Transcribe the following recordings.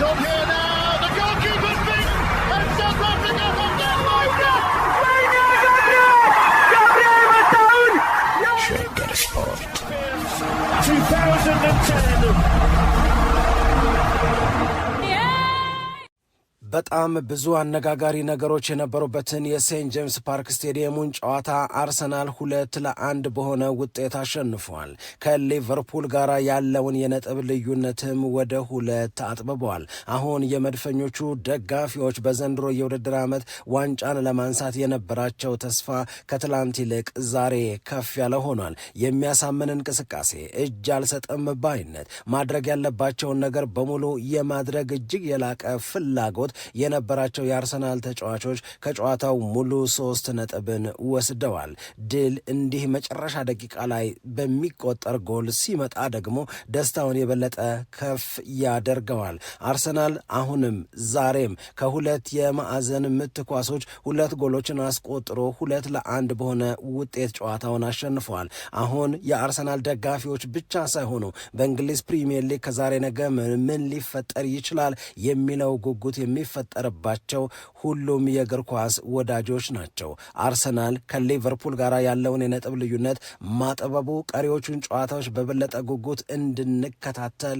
Joe Hand በጣም ብዙ አነጋጋሪ ነገሮች የነበሩበትን የሴንት ጄምስ ፓርክ ስቴዲየሙን ጨዋታ አርሰናል ሁለት ለአንድ በሆነ ውጤት አሸንፏል። ከሊቨርፑል ጋር ያለውን የነጥብ ልዩነትም ወደ ሁለት አጥብበዋል። አሁን የመድፈኞቹ ደጋፊዎች በዘንድሮ የውድድር ዓመት ዋንጫን ለማንሳት የነበራቸው ተስፋ ከትላንት ይልቅ ዛሬ ከፍ ያለ ሆኗል። የሚያሳምን እንቅስቃሴ፣ እጅ አልሰጥም ባይነት፣ ማድረግ ያለባቸውን ነገር በሙሉ የማድረግ እጅግ የላቀ ፍላጎት የነበራቸው የአርሰናል ተጫዋቾች ከጨዋታው ሙሉ ሶስት ነጥብን ወስደዋል። ድል እንዲህ መጨረሻ ደቂቃ ላይ በሚቆጠር ጎል ሲመጣ ደግሞ ደስታውን የበለጠ ከፍ ያደርገዋል። አርሰናል አሁንም ዛሬም ከሁለት የማዕዘን ምት ኳሶች ሁለት ጎሎችን አስቆጥሮ ሁለት ለአንድ በሆነ ውጤት ጨዋታውን አሸንፈዋል። አሁን የአርሰናል ደጋፊዎች ብቻ ሳይሆኑ በእንግሊዝ ፕሪሚየር ሊግ ከዛሬ ነገ ምን ሊፈጠር ይችላል የሚለው ጉጉት የሚፈ የሚፈጠርባቸው ሁሉም የእግር ኳስ ወዳጆች ናቸው። አርሰናል ከሊቨርፑል ጋር ያለውን የነጥብ ልዩነት ማጥበቡ ቀሪዎቹን ጨዋታዎች በበለጠ ጉጉት እንድንከታተል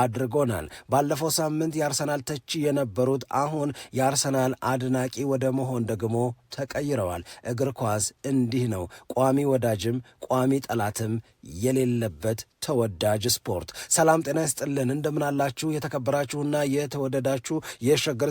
አድርጎናል። ባለፈው ሳምንት የአርሰናል ተቺ የነበሩት አሁን የአርሰናል አድናቂ ወደ መሆን ደግሞ ተቀይረዋል። እግር ኳስ እንዲህ ነው። ቋሚ ወዳጅም ቋሚ ጠላትም የሌለበት ተወዳጅ ስፖርት። ሰላም ጤና ይስጥልን። እንደምናላችሁ የተከበራችሁና የተወደዳችሁ የሸገር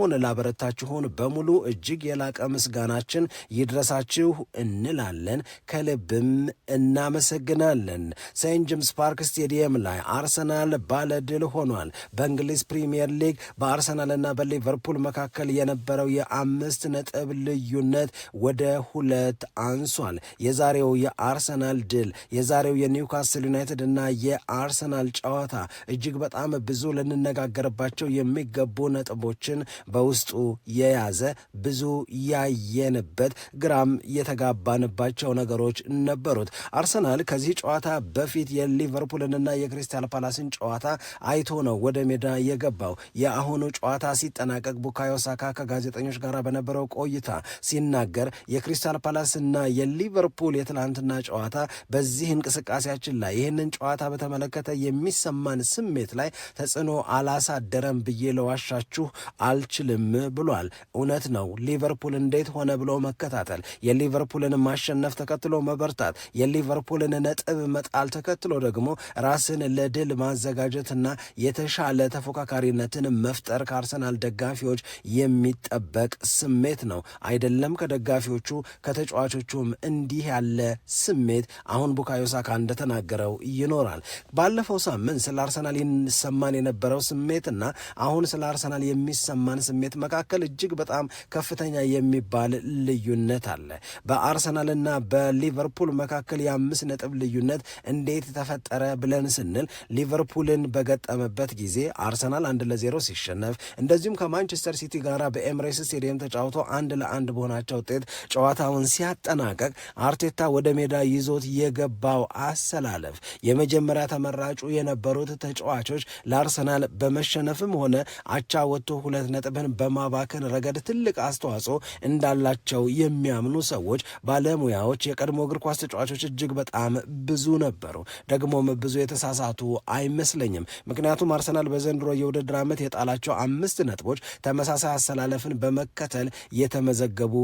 እስካሁን ላበረታችሁን በሙሉ እጅግ የላቀ ምስጋናችን ይድረሳችሁ እንላለን። ከልብም እናመሰግናለን። ሴንት ጄምስ ፓርክ ስቴዲየም ላይ አርሰናል ባለድል ሆኗል። በእንግሊዝ ፕሪምየር ሊግ በአርሰናልና በሊቨርፑል መካከል የነበረው የአምስት ነጥብ ልዩነት ወደ ሁለት አንሷል። የዛሬው የአርሰናል ድል የዛሬው የኒውካስል ዩናይትድ እና የአርሰናል ጨዋታ እጅግ በጣም ብዙ ልንነጋገርባቸው የሚገቡ ነጥቦችን በውስጡ የያዘ ብዙ ያየንበት ግራም የተጋባንባቸው ነገሮች ነበሩት። አርሰናል ከዚህ ጨዋታ በፊት የሊቨርፑልንና የክሪስታል ፓላስን ጨዋታ አይቶ ነው ወደ ሜዳ የገባው። የአሁኑ ጨዋታ ሲጠናቀቅ ቡካዮ ሳካ ከጋዜጠኞች ጋር በነበረው ቆይታ ሲናገር የክሪስታል ፓላስና የሊቨርፑል የትናንትና ጨዋታ በዚህ እንቅስቃሴያችን ላይ ይህንን ጨዋታ በተመለከተ የሚሰማን ስሜት ላይ ተጽዕኖ አላሳደረም ብዬ ለዋሻችሁ አልችልም አልችልም ብሏል። እውነት ነው። ሊቨርፑል እንዴት ሆነ ብሎ መከታተል፣ የሊቨርፑልን ማሸነፍ ተከትሎ መበርታት፣ የሊቨርፑልን ነጥብ መጣል ተከትሎ ደግሞ ራስን ለድል ማዘጋጀትና የተሻለ ተፎካካሪነትን መፍጠር ከአርሰናል ደጋፊዎች የሚጠበቅ ስሜት ነው። አይደለም ከደጋፊዎቹ ከተጫዋቾቹም እንዲህ ያለ ስሜት አሁን ቡካዮ ሳካ እንደተናገረው ይኖራል። ባለፈው ሳምንት ስለ አርሰናል ይሰማን የነበረው ስሜትና አሁን ስለ አርሰናል የሚሰማን ስሜት መካከል እጅግ በጣም ከፍተኛ የሚባል ልዩነት አለ። በአርሰናልና በሊቨርፑል መካከል የአምስት ነጥብ ልዩነት እንዴት ተፈጠረ ብለን ስንል ሊቨርፑልን በገጠመበት ጊዜ አርሰናል አንድ ለዜሮ ሲሸነፍ እንደዚሁም ከማንቸስተር ሲቲ ጋር በኤምሬስ ስቴዲየም ተጫውቶ አንድ ለአንድ በሆናቸው ውጤት ጨዋታውን ሲያጠናቀቅ አርቴታ ወደ ሜዳ ይዞት የገባው አሰላለፍ የመጀመሪያ ተመራጩ የነበሩት ተጫዋቾች ለአርሰናል በመሸነፍም ሆነ አቻ ወጥቶ ሁለት ነጥብ ነጥብን በማባከን ረገድ ትልቅ አስተዋጽኦ እንዳላቸው የሚያምኑ ሰዎች፣ ባለሙያዎች የቀድሞ እግር ኳስ ተጫዋቾች እጅግ በጣም ብዙ ነበሩ። ደግሞም ብዙ የተሳሳቱ አይመስለኝም። ምክንያቱም አርሰናል በዘንድሮ የውድድር ዓመት የጣላቸው አምስት ነጥቦች ተመሳሳይ አሰላለፍን በመከተል የተመዘገቡ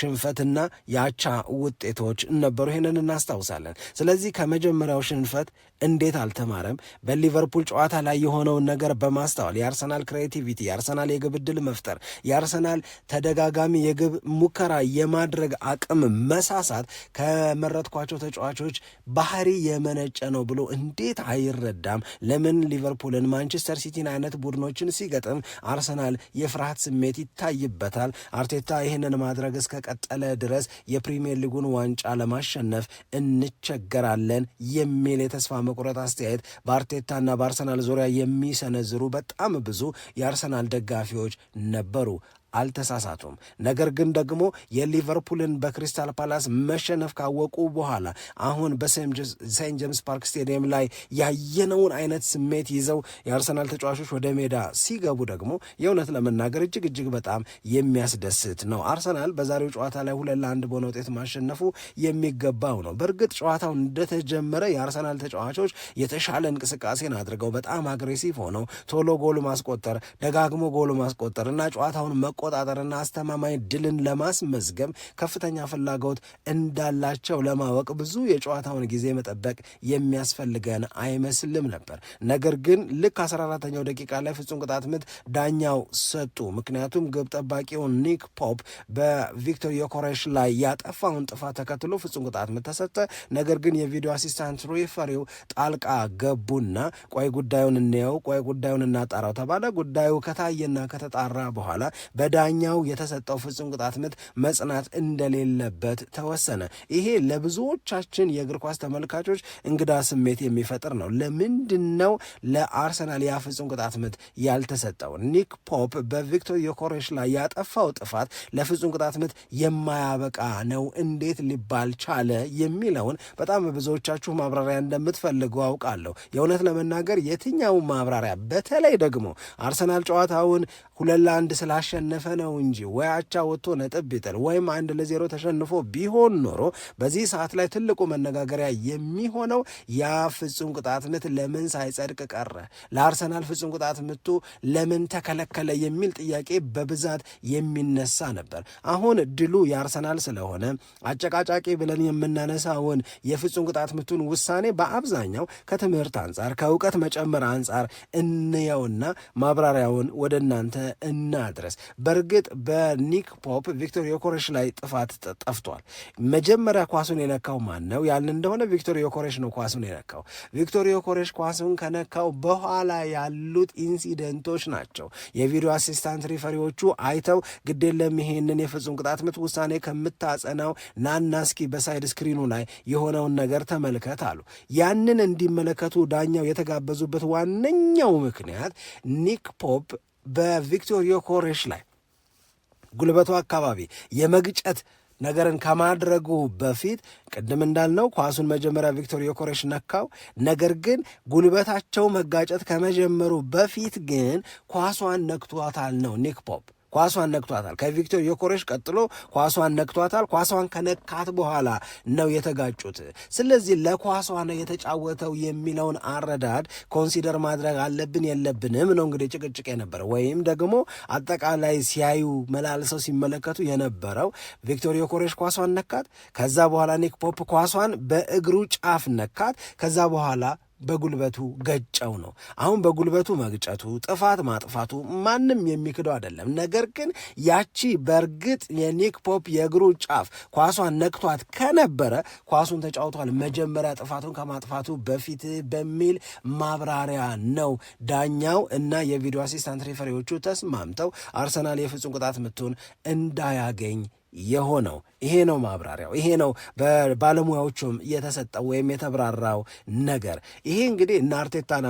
ሽንፈትና የአቻ ውጤቶች ነበሩ። ይህንን እናስታውሳለን። ስለዚህ ከመጀመሪያው ሽንፈት እንዴት አልተማረም? በሊቨርፑል ጨዋታ ላይ የሆነውን ነገር በማስተዋል የአርሰናል ክሬቲቪቲ፣ የአርሰናል የግብ ዕድል መፍጠር፣ የአርሰናል ተደጋጋሚ የግብ ሙከራ የማድረግ አቅም መሳሳት ከመረጥኳቸው ተጫዋቾች ባህሪ የመነጨ ነው ብሎ እንዴት አይረዳም? ለምን ሊቨርፑልን ማንቸስተር ሲቲን አይነት ቡድኖችን ሲገጥም አርሰናል የፍርሃት ስሜት ይታይበታል። አርቴታ ይህንን ማድረግ እስከቀጠለ ድረስ የፕሪሚየር ሊጉን ዋንጫ ለማሸነፍ እንቸገራለን የሚል የተስፋ የመቁረጥ አስተያየት በአርቴታና በአርሰናል ዙሪያ የሚሰነዝሩ በጣም ብዙ የአርሰናል ደጋፊዎች ነበሩ። አልተሳሳቱም። ነገር ግን ደግሞ የሊቨርፑልን በክሪስታል ፓላስ መሸነፍ ካወቁ በኋላ አሁን በሴንት ጄምስ ፓርክ ስቴዲየም ላይ ያየነውን አይነት ስሜት ይዘው የአርሰናል ተጫዋቾች ወደ ሜዳ ሲገቡ ደግሞ የእውነት ለመናገር እጅግ እጅግ በጣም የሚያስደስት ነው። አርሰናል በዛሬው ጨዋታ ላይ ሁለት ለአንድ በሆነ ውጤት ማሸነፉ የሚገባው ነው። በእርግጥ ጨዋታው እንደተጀመረ የአርሰናል ተጫዋቾች የተሻለ እንቅስቃሴን አድርገው በጣም አግሬሲቭ ሆነው ቶሎ ጎል ማስቆጠር፣ ደጋግሞ ጎል ማስቆጠር እና ጨዋታውን መቆ ለመቆጣጠርና አስተማማኝ ድልን ለማስመዝገብ ከፍተኛ ፍላጎት እንዳላቸው ለማወቅ ብዙ የጨዋታውን ጊዜ መጠበቅ የሚያስፈልገን አይመስልም ነበር። ነገር ግን ልክ 14ተኛው ደቂቃ ላይ ፍጹም ቅጣት ምት ዳኛው ሰጡ። ምክንያቱም ግብ ጠባቂው ኒክ ፖፕ በቪክቶር ዮኮሬሽ ላይ ያጠፋውን ጥፋት ተከትሎ ፍጹም ቅጣት ምት ተሰጠ። ነገር ግን የቪዲዮ አሲስታንት ሪፈሪው ጣልቃ ገቡና ቆይ ጉዳዩን እንየው፣ ቆይ ጉዳዩን እናጣራው ተባለ። ጉዳዩ ከታየና ከተጣራ በኋላ ለዳኛው የተሰጠው ፍጹም ቅጣት ምት መጽናት እንደሌለበት ተወሰነ። ይሄ ለብዙዎቻችን የእግር ኳስ ተመልካቾች እንግዳ ስሜት የሚፈጥር ነው። ለምንድን ነው ለአርሰናል ያ ፍጹም ቅጣት ምት ያልተሰጠው? ኒክ ፖፕ በቪክቶር ዮኮሬሽ ላይ ያጠፋው ጥፋት ለፍጹም ቅጣት ምት የማያበቃ ነው እንዴት ሊባል ቻለ የሚለውን በጣም ብዙዎቻችሁ ማብራሪያ እንደምትፈልጉ አውቃለሁ። የእውነት ለመናገር የትኛውን ማብራሪያ በተለይ ደግሞ አርሰናል ጨዋታውን ሁለት ለአንድ ስላሸነፈ ነው እንጂ ወይ አቻ ወጥቶ ነጥብ ቢጥል ወይም አንድ ለዜሮ ተሸንፎ ቢሆን ኖሮ በዚህ ሰዓት ላይ ትልቁ መነጋገሪያ የሚሆነው ያ ፍጹም ቅጣት ምት ለምን ሳይጸድቅ ቀረ፣ ለአርሰናል ፍጹም ቅጣት ምቱ ለምን ተከለከለ የሚል ጥያቄ በብዛት የሚነሳ ነበር። አሁን ድሉ የአርሰናል ስለሆነ አጨቃጫቂ ብለን የምናነሳውን የፍጹም ቅጣት ምቱን ውሳኔ በአብዛኛው ከትምህርት አንጻር ከእውቀት መጨመር አንጻር እንየውና ማብራሪያውን ወደ እናንተ እናድረስ። በእርግጥ በኒክ ፖፕ ቪክቶር ዮኮሬሽ ላይ ጥፋት ጠፍቷል። መጀመሪያ ኳሱን የነካው ማን ነው ያልን እንደሆነ ቪክቶር ዮኮሬሽ ነው ኳሱን የነካው። ቪክቶር ዮኮሬሽ ኳሱን ከነካው በኋላ ያሉት ኢንሲደንቶች ናቸው የቪዲዮ አሲስታንት ሪፈሪዎቹ አይተው ግድ የለም ይሄንን የፍጹም ቅጣት ምት ውሳኔ ከምታጸናው ናና እስኪ በሳይድ ስክሪኑ ላይ የሆነውን ነገር ተመልከት አሉ። ያንን እንዲመለከቱ ዳኛው የተጋበዙበት ዋነኛው ምክንያት ኒክ ፖፕ በቪክቶር ዮኬሬሽ ላይ ጉልበቱ አካባቢ የመግጨት ነገርን ከማድረጉ በፊት ቅድም እንዳልነው ኳሱን መጀመሪያ ቪክቶር ዮኬሬሽ ነካው። ነገር ግን ጉልበታቸው መጋጨት ከመጀመሩ በፊት ግን ኳሷን ነክቷታል ነው ኒክ ፖፕ ኳሷን ነክቷታል። ከቪክቶር ዮኮሬሽ ቀጥሎ ኳሷን ነክቷታል። ኳሷን ከነካት በኋላ ነው የተጋጩት። ስለዚህ ለኳሷ ነው የተጫወተው የሚለውን አረዳድ ኮንሲደር ማድረግ አለብን የለብንም ነው እንግዲህ ጭቅጭቅ የነበረ ወይም ደግሞ አጠቃላይ ሲያዩ መላልሰው ሲመለከቱ የነበረው ቪክቶር ዮኮሬሽ ኳሷን ነካት። ከዛ በኋላ ኒክ ፖፕ ኳሷን በእግሩ ጫፍ ነካት። ከዛ በኋላ በጉልበቱ ገጨው ነው። አሁን በጉልበቱ መግጨቱ ጥፋት ማጥፋቱ ማንም የሚክደው አይደለም። ነገር ግን ያቺ በእርግጥ የኒክ ፖፕ የእግሩ ጫፍ ኳሷን ነክቷት ከነበረ ኳሱን ተጫውቷል መጀመሪያ ጥፋቱን ከማጥፋቱ በፊት በሚል ማብራሪያ ነው ዳኛው እና የቪዲዮ አሲስታንት ሬፈሪዎቹ ተስማምተው አርሰናል የፍጹም ቅጣት ምቱን እንዳያገኝ የሆነው ይሄ ነው ማብራሪያው። ይሄ ነው በባለሙያዎቹም የተሰጠው ወይም የተብራራው ነገር። ይሄ እንግዲህ እነ አርቴታን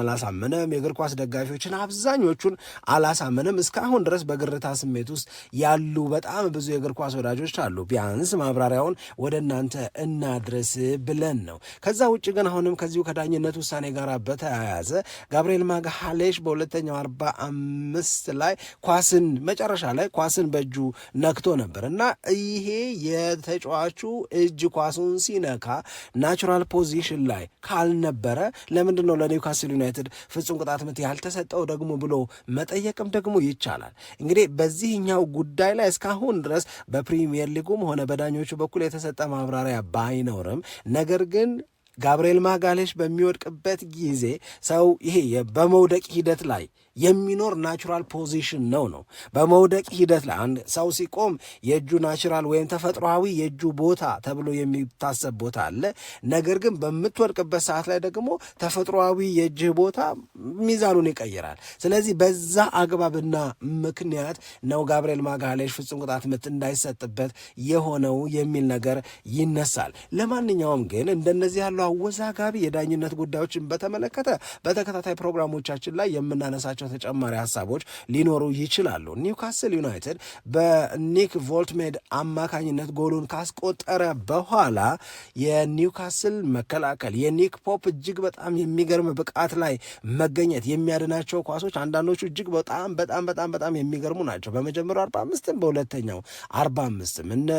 የእግር ኳስ ደጋፊዎችን አብዛኞቹን አላሳምንም። እስካሁን ድረስ በግርታ ስሜት ውስጥ ያሉ በጣም ብዙ የእግር ኳስ ወዳጆች አሉ። ቢያንስ ማብራሪያውን ወደ እናንተ እናድረስ ብለን ነው። ከዛ ውጭ ግን አሁንም ከዚሁ ከዳኝነት ውሳኔ ጋር በተያያዘ ጋብርኤል ማግሃሌሽ በሁለተኛው አርባ አምስት ላይ ኳስን መጨረሻ ላይ ኳስን በእጁ ነክቶ ነበር እና ይሄ የተጫዋቹ እጅ ኳሱን ሲነካ ናቹራል ፖዚሽን ላይ ካልነበረ ለምንድን ነው ለኒውካስል ዩናይትድ ፍጹም ቅጣት ምት ያልተሰጠው ደግሞ ብሎ መጠየቅም ደግሞ ይቻላል። እንግዲህ በዚህኛው ጉዳይ ላይ እስካሁን ድረስ በፕሪሚየር ሊጉም ሆነ በዳኞቹ በኩል የተሰጠ ማብራሪያ ባይኖርም ነገር ግን ጋብርኤል ማጋሌሽ በሚወድቅበት ጊዜ ሰው ይሄ በመውደቅ ሂደት ላይ የሚኖር ናቹራል ፖዚሽን ነው ነው በመውደቅ ሂደት ላይ አንድ ሰው ሲቆም የእጁ ናቹራል ወይም ተፈጥሯዊ የእጁ ቦታ ተብሎ የሚታሰብ ቦታ አለ። ነገር ግን በምትወድቅበት ሰዓት ላይ ደግሞ ተፈጥሯዊ የእጅህ ቦታ ሚዛኑን ይቀይራል። ስለዚህ በዛ አግባብና ምክንያት ነው ጋብርኤል ማጋሌሽ ፍጹም ቅጣት ምት እንዳይሰጥበት የሆነው የሚል ነገር ይነሳል። ለማንኛውም ግን እንደነዚህ ያሉ አወዛጋቢ የዳኝነት ጉዳዮችን በተመለከተ በተከታታይ ፕሮግራሞቻችን ላይ የምናነሳቸው ተጨማሪ ሀሳቦች ሊኖሩ ይችላሉ። ኒውካስል ዩናይትድ በኒክ ቮልትሜድ አማካኝነት ጎሉን ካስቆጠረ በኋላ የኒውካስል መከላከል የኒክ ፖፕ እጅግ በጣም የሚገርም ብቃት ላይ መገኘት የሚያድናቸው ኳሶች አንዳንዶቹ እጅግ በጣም በጣም በጣም በጣም የሚገርሙ ናቸው። በመጀመሪያው አርባ አምስትም በሁለተኛው አርባ አምስትም እነ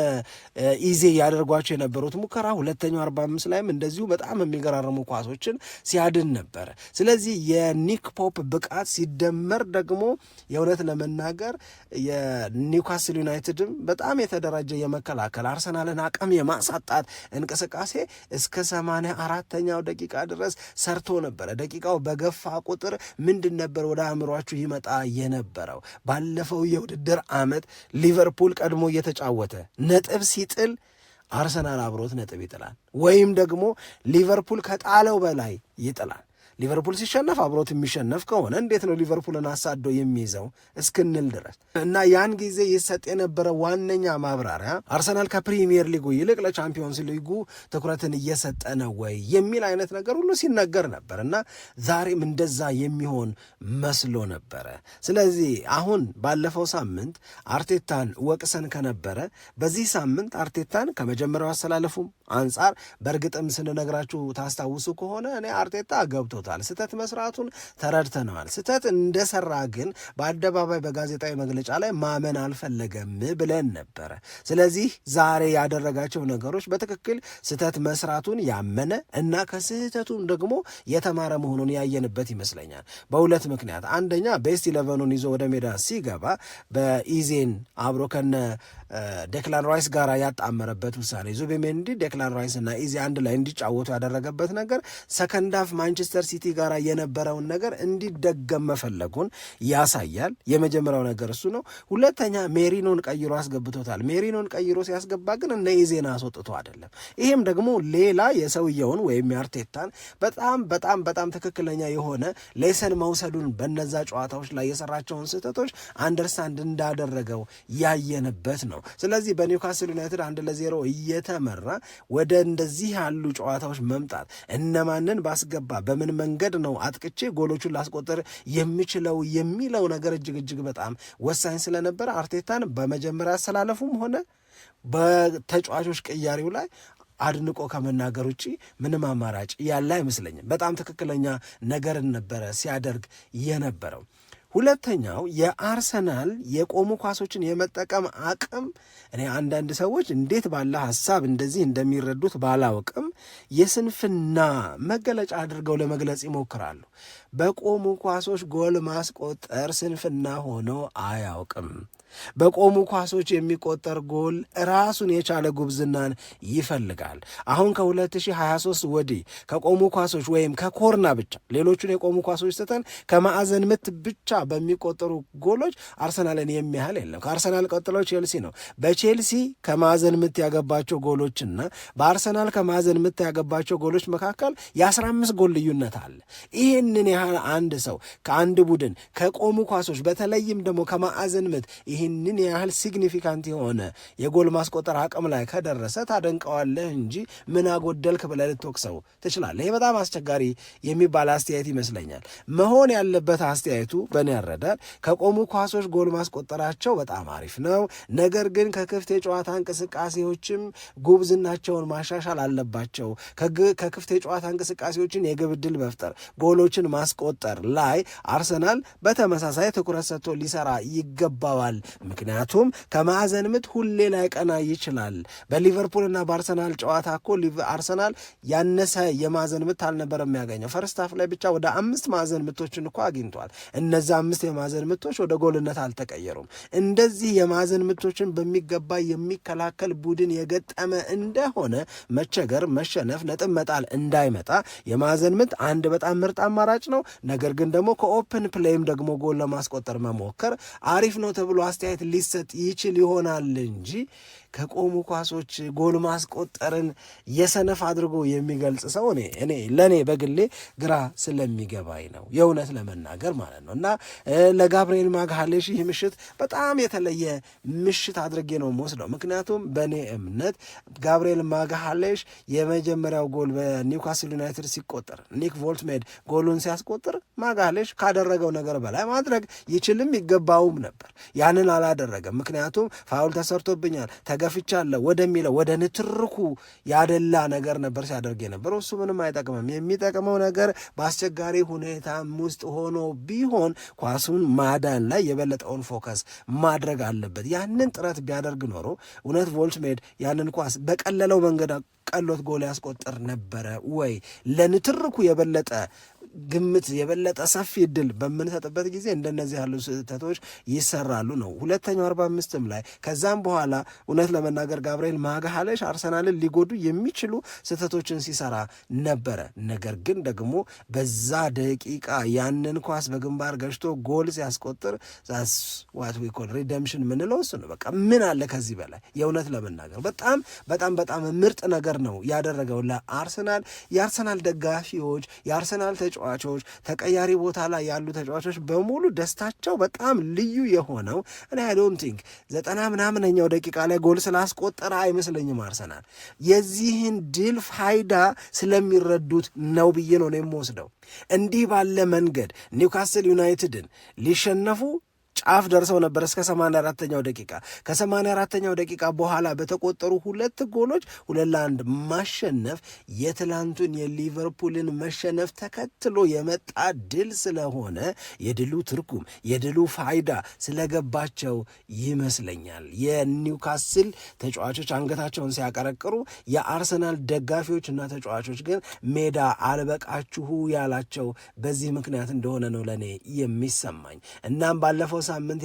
ኢዜ ያደርጓቸው የነበሩት ሙከራ ሁለተኛው አርባ አምስት ላይም እንደዚሁ በጣም የሚገራርሙ ኳሶችን ሲያድን ነበር። ስለዚህ የኒክ ፖፕ ብቃት ሲደመር ደግሞ የእውነት ለመናገር የኒውካስል ዩናይትድም በጣም የተደራጀ የመከላከል አርሰናልን አቅም የማሳጣት እንቅስቃሴ እስከ ሰማንያ አራተኛው ደቂቃ ድረስ ሰርቶ ነበረ። ደቂቃው በገፋ ቁጥር ምንድን ነበር ወደ አእምሯችሁ ይመጣ የነበረው? ባለፈው የውድድር ዓመት ሊቨርፑል ቀድሞ እየተጫወተ ነጥብ ሲጥል አርሰናል አብሮት ነጥብ ይጥላል፣ ወይም ደግሞ ሊቨርፑል ከጣለው በላይ ይጥላል። ሊቨርፑል ሲሸነፍ አብሮት የሚሸነፍ ከሆነ እንዴት ነው ሊቨርፑልን አሳዶ የሚይዘው እስክንል ድረስ እና ያን ጊዜ ይሰጥ የነበረ ዋነኛ ማብራሪያ አርሰናል ከፕሪሚየር ሊጉ ይልቅ ለቻምፒዮንስ ሊጉ ትኩረትን እየሰጠ ነው ወይ የሚል አይነት ነገር ሁሉ ሲነገር ነበር እና ዛሬም እንደዛ የሚሆን መስሎ ነበረ። ስለዚህ አሁን ባለፈው ሳምንት አርቴታን ወቅሰን ከነበረ በዚህ ሳምንት አርቴታን ከመጀመሪያው አሰላለፉም አንጻር በእርግጥም ስንነግራችሁ ታስታውሱ ከሆነ እኔ አርቴታ ገብቶ ተረድተውታል። ስህተት መስራቱን ተረድተነዋል። ስህተት እንደሰራ ግን በአደባባይ በጋዜጣዊ መግለጫ ላይ ማመን አልፈለገም ብለን ነበረ። ስለዚህ ዛሬ ያደረጋቸው ነገሮች በትክክል ስህተት መስራቱን ያመነ እና ከስህተቱም ደግሞ የተማረ መሆኑን ያየንበት ይመስለኛል በሁለት ምክንያት። አንደኛ ቤስት ኢለቨኑን ይዞ ወደ ሜዳ ሲገባ በኢዜን አብሮ ከነ ዴክላን ራይስ ጋር ያጣመረበት ውሳኔ ዙቢሜንዲ፣ ዴክላን ራይስ እና ኢዜ አንድ ላይ እንዲጫወቱ ያደረገበት ነገር ሰከንድ ሀፍ ማንቸስተር ከሲቲ ጋር የነበረውን ነገር እንዲደገም መፈለጉን ያሳያል። የመጀመሪያው ነገር እሱ ነው። ሁለተኛ ሜሪኖን ቀይሮ አስገብቶታል። ሜሪኖን ቀይሮ ሲያስገባ ግን እነ ኢዜና አስወጥቶ አይደለም። ይሄም ደግሞ ሌላ የሰውየውን ወይም የአርቴታን በጣም በጣም በጣም ትክክለኛ የሆነ ሌሰን መውሰዱን በነዛ ጨዋታዎች ላይ የሰራቸውን ስህተቶች አንደርስታንድ እንዳደረገው ያየንበት ነው። ስለዚህ በኒውካስል ዩናይትድ አንድ ለዜሮ እየተመራ ወደ እንደዚህ ያሉ ጨዋታዎች መምጣት እነማንን ባስገባ በምን መንገድ ነው አጥቅቼ ጎሎቹን ላስቆጥር የሚችለው የሚለው ነገር እጅግ እጅግ በጣም ወሳኝ ስለነበረ አርቴታን በመጀመሪያ አሰላለፉም ሆነ በተጫዋቾች ቅያሪው ላይ አድንቆ ከመናገር ውጭ ምንም አማራጭ ያለ አይመስለኝም። በጣም ትክክለኛ ነገርን ነበረ ሲያደርግ የነበረው። ሁለተኛው የአርሰናል የቆሙ ኳሶችን የመጠቀም አቅም እኔ አንዳንድ ሰዎች እንዴት ባለ ሀሳብ እንደዚህ እንደሚረዱት ባላውቅም የስንፍና መገለጫ አድርገው ለመግለጽ ይሞክራሉ። በቆሙ ኳሶች ጎል ማስቆጠር ስንፍና ሆኖ አያውቅም። በቆሙ ኳሶች የሚቆጠር ጎል ራሱን የቻለ ጉብዝናን ይፈልጋል። አሁን ከ2023 ወዲህ ከቆሙ ኳሶች ወይም ከኮርና ብቻ ሌሎቹን የቆሙ ኳሶች ስተን ከማዕዘን ምት ብቻ በሚቆጠሩ ጎሎች አርሰናልን የሚያህል የለም። ከአርሰናል ቀጥሎ ቼልሲ ነው። በቼልሲ ከማዕዘን ምት ያገባቸው ጎሎችና በአርሰናል ከማዕዘን ምት ያገባቸው ጎሎች መካከል የ15 ጎል ልዩነት አለ። ይህንን ያህል አንድ ሰው ከአንድ ቡድን ከቆሙ ኳሶች በተለይም ደግሞ ከማዕዘን ምት ይህንን ያህል ሲግኒፊካንት የሆነ የጎል ማስቆጠር አቅም ላይ ከደረሰ ታደንቀዋለህ እንጂ ምን አጎደልክ ብለህ ልትወቅሰው ትችላለህ። ይህ በጣም አስቸጋሪ የሚባል አስተያየት ይመስለኛል። መሆን ያለበት አስተያየቱ በእኔ ያረዳል ከቆሙ ኳሶች ጎል ማስቆጠራቸው በጣም አሪፍ ነው። ነገር ግን ከክፍት የጨዋታ እንቅስቃሴዎችም ጉብዝናቸውን ማሻሻል አለባቸው። ከክፍት የጨዋታ እንቅስቃሴዎችን የግብ ዕድል መፍጠር፣ ጎሎችን ማስቆጠር ላይ አርሰናል በተመሳሳይ ትኩረት ሰጥቶ ሊሰራ ይገባዋል ምክንያቱም ከማዕዘን ምት ሁሌ ላይቀና ይችላል። በሊቨርፑልና በአርሰናል ጨዋታ እኮ አርሰናል ያነሰ የማዕዘን ምት አልነበረ የሚያገኘው። ፈርስት ላይ ብቻ ወደ አምስት ማዕዘን ምቶችን እኮ አግኝቷል። እነዚ አምስት የማዕዘን ምቶች ወደ ጎልነት አልተቀየሩም። እንደዚህ የማዕዘን ምቶችን በሚገባ የሚከላከል ቡድን የገጠመ እንደሆነ መቸገር፣ መሸነፍ፣ ነጥብ መጣል እንዳይመጣ የማዕዘን ምት አንድ በጣም ምርጥ አማራጭ ነው። ነገር ግን ደግሞ ከኦፕን ፕሌይም ደግሞ ጎል ለማስቆጠር መሞከር አሪፍ ነው ተብሎ አስተያየት ሊሰጥ ይችል ይሆናል እንጂ ከቆሙ ኳሶች ጎል ማስቆጠርን የሰነፍ አድርጎ የሚገልጽ ሰው እኔ እኔ ለእኔ በግሌ ግራ ስለሚገባኝ ነው የእውነት ለመናገር ማለት ነው። እና ለጋብርኤል ማግሃሌሽ ይህ ምሽት በጣም የተለየ ምሽት አድርጌ ነው የምወስደው። ምክንያቱም በእኔ እምነት ጋብርኤል ማግሃሌሽ የመጀመሪያው ጎል በኒውካስል ዩናይትድ ሲቆጠር ኒክ ቮልትሜድ ጎሉን ሲያስቆጥር ማግሃሌሽ ካደረገው ነገር በላይ ማድረግ ይችልም ይገባውም ነበር። ያንን አላደረገም። ምክንያቱም ፋውል ተሰርቶብኛል ተገፍቻለሁ ወደሚለው ወደ ንትርኩ ያደላ ነገር ነበር ሲያደርግ የነበረው። እሱ ምንም አይጠቅምም። የሚጠቅመው ነገር በአስቸጋሪ ሁኔታም ውስጥ ሆኖ ቢሆን ኳሱን ማዳን ላይ የበለጠውን ፎከስ ማድረግ አለበት። ያንን ጥረት ቢያደርግ ኖሮ እውነት ቮልትሜድ ያንን ኳስ በቀለለው መንገድ ቀሎት ጎል ያስቆጠር ነበረ ወይ? ለንትርኩ የበለጠ ግምት የበለጠ ሰፊ እድል በምንሰጥበት ጊዜ እንደነዚህ ያሉ ስህተቶች ይሰራሉ ነው። ሁለተኛው አርባ አምስትም ላይ ከዛም በኋላ እውነት ለመናገር ጋብርኤል ማግሃለሽ አርሰናልን ሊጎዱ የሚችሉ ስህተቶችን ሲሰራ ነበረ። ነገር ግን ደግሞ በዛ ደቂቃ ያንን ኳስ በግንባር ገጭቶ ጎል ሲያስቆጥር ዋት ዊኮል ሪደምሽን ምንለው እሱ ነው። በቃ ምን አለ ከዚህ በላይ የእውነት ለመናገር በጣም በጣም በጣም ምርጥ ነገር ነገር ነው ያደረገው ለአርሰናል። የአርሰናል ደጋፊዎች፣ የአርሰናል ተጫዋቾች፣ ተቀያሪ ቦታ ላይ ያሉ ተጫዋቾች በሙሉ ደስታቸው በጣም ልዩ የሆነው እኔ አይ ዶንት ቲንክ ዘጠና ምናምነኛው ደቂቃ ላይ ጎል ስላስቆጠረ አይመስለኝም አርሰናል የዚህን ድል ፋይዳ ስለሚረዱት ነው ብዬ ነው ነው የምወስደው። እንዲህ ባለ መንገድ ኒውካስል ዩናይትድን ሊሸነፉ ጫፍ ደርሰው ነበር እስከ 84ኛው ደቂቃ። ከ84ኛው ደቂቃ በኋላ በተቆጠሩ ሁለት ጎሎች ሁለት ለአንድ ማሸነፍ የትላንቱን የሊቨርፑልን መሸነፍ ተከትሎ የመጣ ድል ስለሆነ የድሉ ትርጉም የድሉ ፋይዳ ስለገባቸው ይመስለኛል የኒውካስል ተጫዋቾች አንገታቸውን ሲያቀረቅሩ፣ የአርሰናል ደጋፊዎች እና ተጫዋቾች ግን ሜዳ አልበቃችሁ ያላቸው በዚህ ምክንያት እንደሆነ ነው ለእኔ የሚሰማኝ። እናም ባለፈው ሳምንት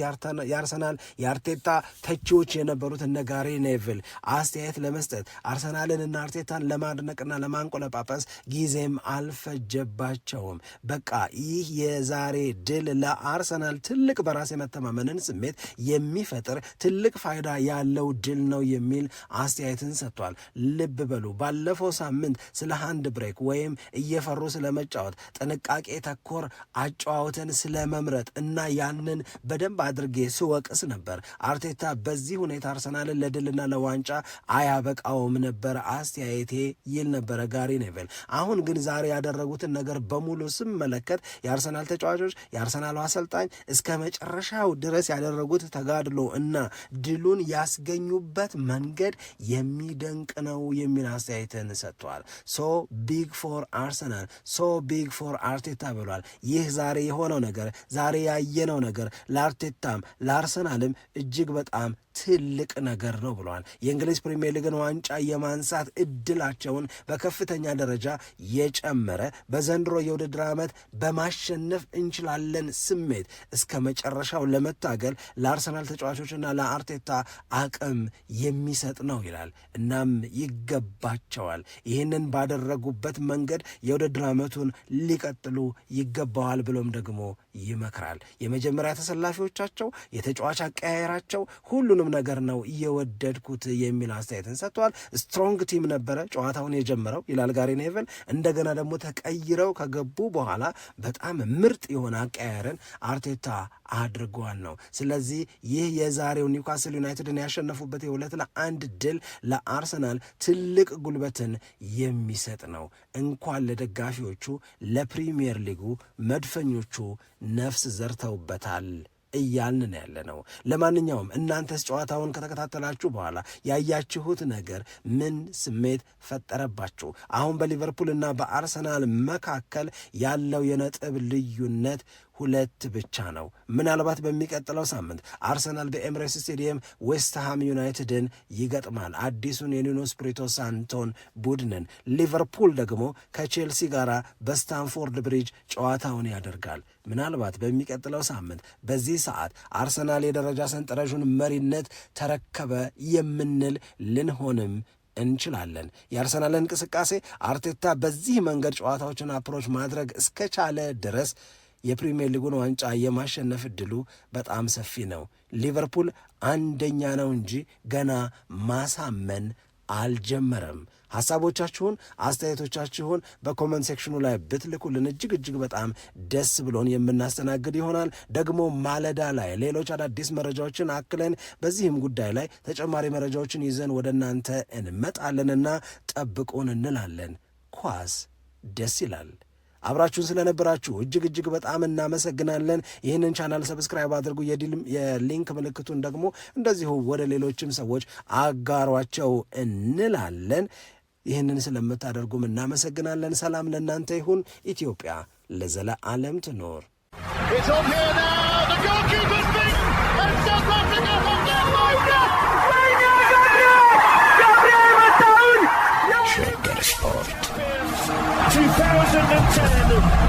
የአርሰናል የአርቴታ ተቺዎች የነበሩት እነ ጋሪ ኔቭል አስተያየት ለመስጠት አርሰናልንና አርቴታን ለማድነቅና ለማንቆለጳጳስ ጊዜም አልፈጀባቸውም። በቃ ይህ የዛሬ ድል ለአርሰናል ትልቅ በራስ የመተማመንን ስሜት የሚፈጥር ትልቅ ፋይዳ ያለው ድል ነው የሚል አስተያየትን ሰጥቷል። ልብ በሉ ባለፈው ሳምንት ስለ ሃንድ ብሬክ ወይም እየፈሩ ስለመጫወት ጥንቃቄ ተኮር አጨዋወትን ስለመምረጥ እና ያንን በደንብ አድርጌ ስወቅስ ነበር። አርቴታ በዚህ ሁኔታ አርሰናልን ለድልና ለዋንጫ አያበቃውም ነበር አስተያየቴ ይል ነበረ ጋሪ ኔቨል። አሁን ግን ዛሬ ያደረጉትን ነገር በሙሉ ስመለከት የአርሰናል ተጫዋቾች፣ የአርሰናሉ አሰልጣኝ እስከ መጨረሻው ድረስ ያደረጉት ተጋድሎ እና ድሉን ያስገኙበት መንገድ የሚደንቅ ነው የሚል አስተያየትን ሰጥቷል። ሶ ቢግ ፎር አርሰናል፣ ሶ ቢግ ፎር አርቴታ ብሏል። ይህ ዛሬ የሆነው ነገር ዛሬ ያየነው ነገር ለአርቴታም ለአርሰናልም እጅግ በጣም ትልቅ ነገር ነው ብለዋል። የእንግሊዝ ፕሪምየር ሊግን ዋንጫ የማንሳት እድላቸውን በከፍተኛ ደረጃ የጨመረ በዘንድሮ የውድድር ዓመት በማሸነፍ እንችላለን ስሜት እስከ መጨረሻው ለመታገል ለአርሰናል ተጫዋቾችና ለአርቴታ አቅም የሚሰጥ ነው ይላል። እናም ይገባቸዋል። ይህንን ባደረጉበት መንገድ የውድድር ዓመቱን ሊቀጥሉ ይገባዋል ብሎም ደግሞ ይመክራል። የመጀመሪያ ተሰላፊዎቻቸው፣ የተጫዋች አቀያየራቸው ሁሉንም ነገር ነው እየወደድኩት የሚል አስተያየትን ሰጥቷል። ስትሮንግ ቲም ነበረ ጨዋታውን የጀመረው ይላል ጋሪ ኔቨል። እንደገና ደግሞ ተቀይረው ከገቡ በኋላ በጣም ምርጥ የሆነ አቀያየርን አርቴታ አድርጓል ነው። ስለዚህ ይህ የዛሬው ኒውካስል ዩናይትድን ያሸነፉበት የሁለት ለአንድ ድል ለአርሰናል ትልቅ ጉልበትን የሚሰጥ ነው። እንኳን ለደጋፊዎቹ ለፕሪሚየር ሊጉ መድፈኞቹ ነፍስ ዘርተውበታል። እያልን ያለ ነው። ለማንኛውም እናንተስ ጨዋታውን ከተከታተላችሁ በኋላ ያያችሁት ነገር ምን ስሜት ፈጠረባችሁ? አሁን በሊቨርፑል እና በአርሰናል መካከል ያለው የነጥብ ልዩነት ሁለት ብቻ ነው። ምናልባት በሚቀጥለው ሳምንት አርሰናል በኤምሬስ ስቴዲየም ዌስትሃም ዩናይትድን ይገጥማል፣ አዲሱን የኑኖ ስፒሪቶ ሳንቶን ቡድንን። ሊቨርፑል ደግሞ ከቼልሲ ጋር በስታንፎርድ ብሪጅ ጨዋታውን ያደርጋል። ምናልባት በሚቀጥለው ሳምንት በዚህ ሰዓት አርሰናል የደረጃ ሰንጠረዡን መሪነት ተረከበ የምንል ልንሆንም እንችላለን። የአርሰናል እንቅስቃሴ አርቴታ በዚህ መንገድ ጨዋታዎችን አፕሮች ማድረግ እስከቻለ ድረስ የፕሪምየር ሊጉን ዋንጫ የማሸነፍ እድሉ በጣም ሰፊ ነው። ሊቨርፑል አንደኛ ነው እንጂ ገና ማሳመን አልጀመረም። ሐሳቦቻችሁን፣ አስተያየቶቻችሁን በኮመንት ሴክሽኑ ላይ ብትልኩልን እጅግ እጅግ በጣም ደስ ብሎን የምናስተናግድ ይሆናል። ደግሞ ማለዳ ላይ ሌሎች አዳዲስ መረጃዎችን አክለን በዚህም ጉዳይ ላይ ተጨማሪ መረጃዎችን ይዘን ወደ እናንተ እንመጣለንና ጠብቁን እንላለን። ኳስ ደስ ይላል። አብራችሁን ስለነበራችሁ እጅግ እጅግ በጣም እናመሰግናለን። ይህንን ቻናል ሰብስክራይብ አድርጉ፣ የሊንክ ምልክቱን ደግሞ እንደዚሁ ወደ ሌሎችም ሰዎች አጋሯቸው እንላለን። ይህንን ስለምታደርጉም እናመሰግናለን። ሰላም ለእናንተ ይሁን። ኢትዮጵያ ለዘለዓለም ትኖር። ሸገር ስፖርት 2010.